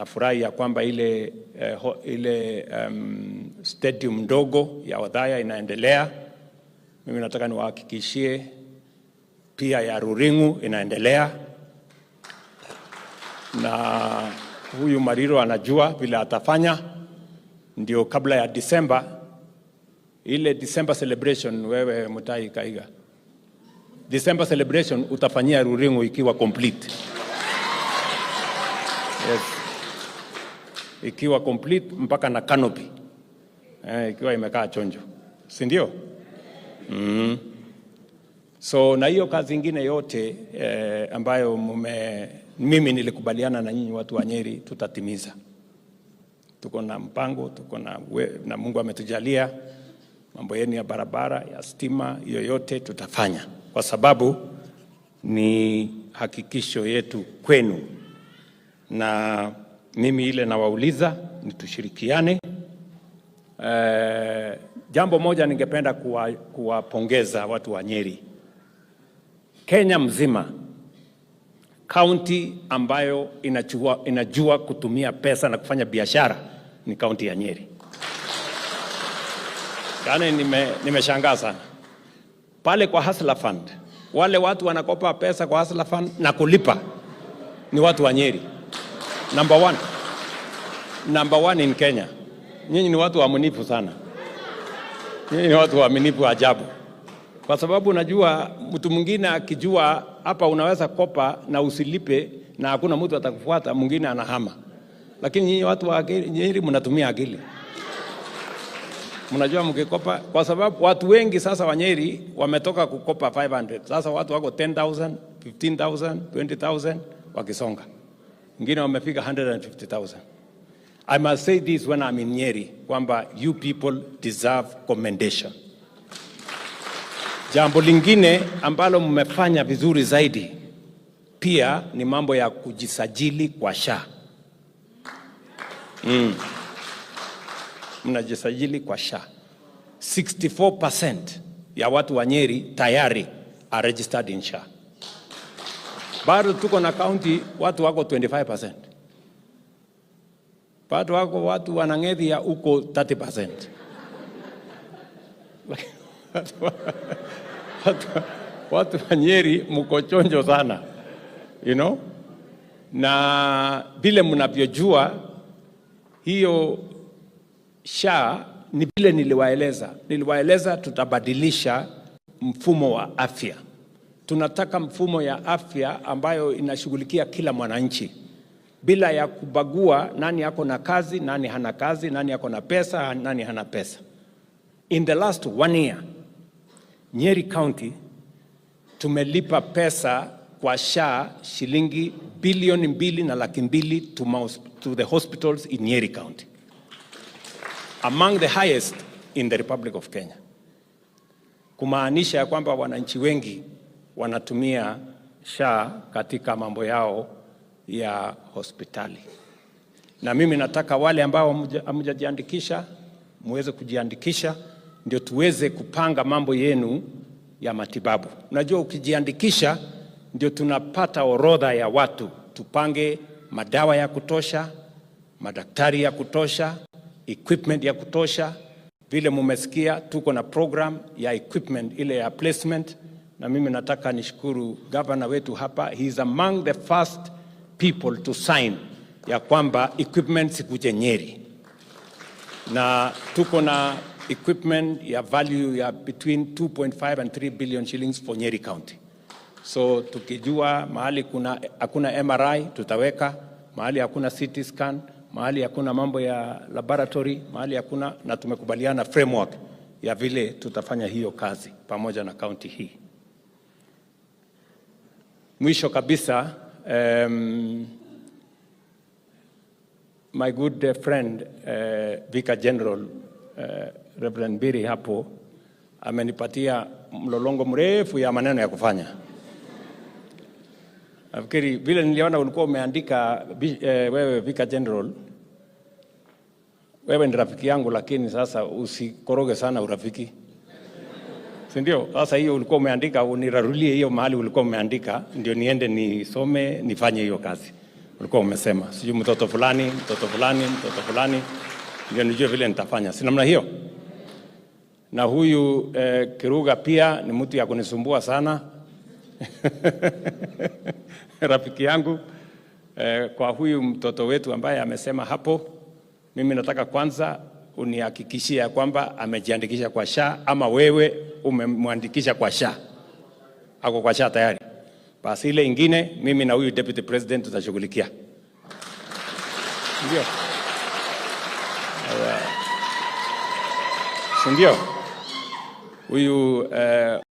Nafurahi ya kwamba ile, eh, ho, ile um, stadium ndogo ya Wadhaya inaendelea. Mimi nataka niwahakikishie pia ya Ruringu inaendelea, na huyu Mariro anajua vile atafanya, ndio kabla ya Disemba, ile Disemba celebration. Wewe Mutai Kaiga, Disemba celebration utafanyia Ruringu ikiwa complete. Yes ikiwa complete mpaka na canopy eh, ikiwa imekaa chonjo, si ndio? Mm. So na hiyo kazi ingine yote eh, ambayo mume, mimi nilikubaliana na nyinyi watu wa Nyeri tutatimiza. Tuko na mpango, tuko na, na Mungu ametujalia mambo yenu ya barabara ya stima, hiyo yote tutafanya kwa sababu ni hakikisho yetu kwenu na mimi ile nawauliza ni tushirikiane. E, eh, jambo moja ningependa kuwapongeza kuwa watu wa Nyeri, Kenya mzima, kaunti ambayo inajua, inajua kutumia pesa na kufanya biashara ni kaunti ya Nyeri. Yaani nime, nimeshangaa sana pale kwa Hustler Fund, wale watu wanakopa pesa kwa Hustler Fund na kulipa ni watu wa Nyeri. Number one. Number one in Kenya. Nyinyi ni watu waaminifu sana. Nyinyi ni watu waaminifu ajabu, kwa sababu unajua mtu mwingine akijua hapa unaweza kopa na usilipe na hakuna mtu atakufuata, mwingine anahama. Lakini nyinyi watu wa Nyeri mnatumia akili, mnajua mkikopa, kwa sababu watu wengi sasa wa Nyeri wametoka kukopa 500 sasa watu wako 10,000, 15,000, 20,000 wakisonga wengine wamefika 150,000. I must say this when I'm in Nyeri kwamba you people deserve commendation. Jambo lingine ambalo mmefanya vizuri zaidi pia ni mambo ya kujisajili kwa SHA. Mm. Mnajisajili kwa SHA. 64% ya watu wa Nyeri tayari are registered in SHA bado tuko na kaunti watu wako 25%, bado wako watu wanang'ethia huko 30%. watu, watu wa Nyeri mko chonjo sana you know? Na vile mnavyojua hiyo SHA ni vile niliwaeleza, niliwaeleza tutabadilisha mfumo wa afya tunataka mfumo ya afya ambayo inashughulikia kila mwananchi bila ya kubagua nani ako na kazi, nani hana kazi, nani ako na pesa, nani hana pesa. In the last one year, Nyeri County tumelipa pesa kwa SHA shilingi bilioni mbili na laki mbili to, most, to the hospitals in Nyeri County among the highest in the Republic of Kenya, kumaanisha ya kwamba wananchi wengi wanatumia SHA katika mambo yao ya hospitali. Na mimi nataka wale ambao hamjajiandikisha muweze kujiandikisha, ndio tuweze kupanga mambo yenu ya matibabu. Unajua, ukijiandikisha ndio tunapata orodha ya watu, tupange madawa ya kutosha, madaktari ya kutosha, equipment ya kutosha. Vile mumesikia, tuko na program ya equipment ile ya placement na mimi nataka nishukuru gavana wetu hapa, he is among the first people to sign ya kwamba equipment sikuje Nyeri, na tuko na equipment ya value ya between 2.5 and 3 billion shillings for Nyeri County. So tukijua mahali kuna hakuna MRI tutaweka, mahali hakuna CT scan, mahali hakuna mambo ya laboratory, mahali hakuna, na tumekubaliana framework ya vile tutafanya hiyo kazi pamoja na kaunti hii. Mwisho kabisa, um, my good friend uh, eh, vika General uh, Reverend Biri hapo amenipatia mlolongo mrefu ya maneno ya kufanya. Nafikiri vile niliona ulikuwa umeandika uh, wewe vika General, wewe ni rafiki yangu, lakini sasa usikoroge sana urafiki sindio Sasa hiyo ulikuwa umeandika, unirarulie hiyo mahali ulikuwa umeandika, ndio niende nisome nifanye hiyo kazi ulikuwa umesema, sijui mtoto fulani mtoto fulani mtoto fulani, ndio nijue vile nitafanya, si namna hiyo. Na huyu eh, Kiruga pia ni mtu ya kunisumbua sana rafiki yangu eh, kwa huyu mtoto wetu ambaye amesema hapo, mimi nataka kwanza unihakikishie kwamba amejiandikisha kwa SHA ama wewe umemwandikisha kwa SHA, ako kwa SHA tayari, basi ile ingine mimi na huyu deputy president tutashughulikia. Ndio sindio? Huyu uh,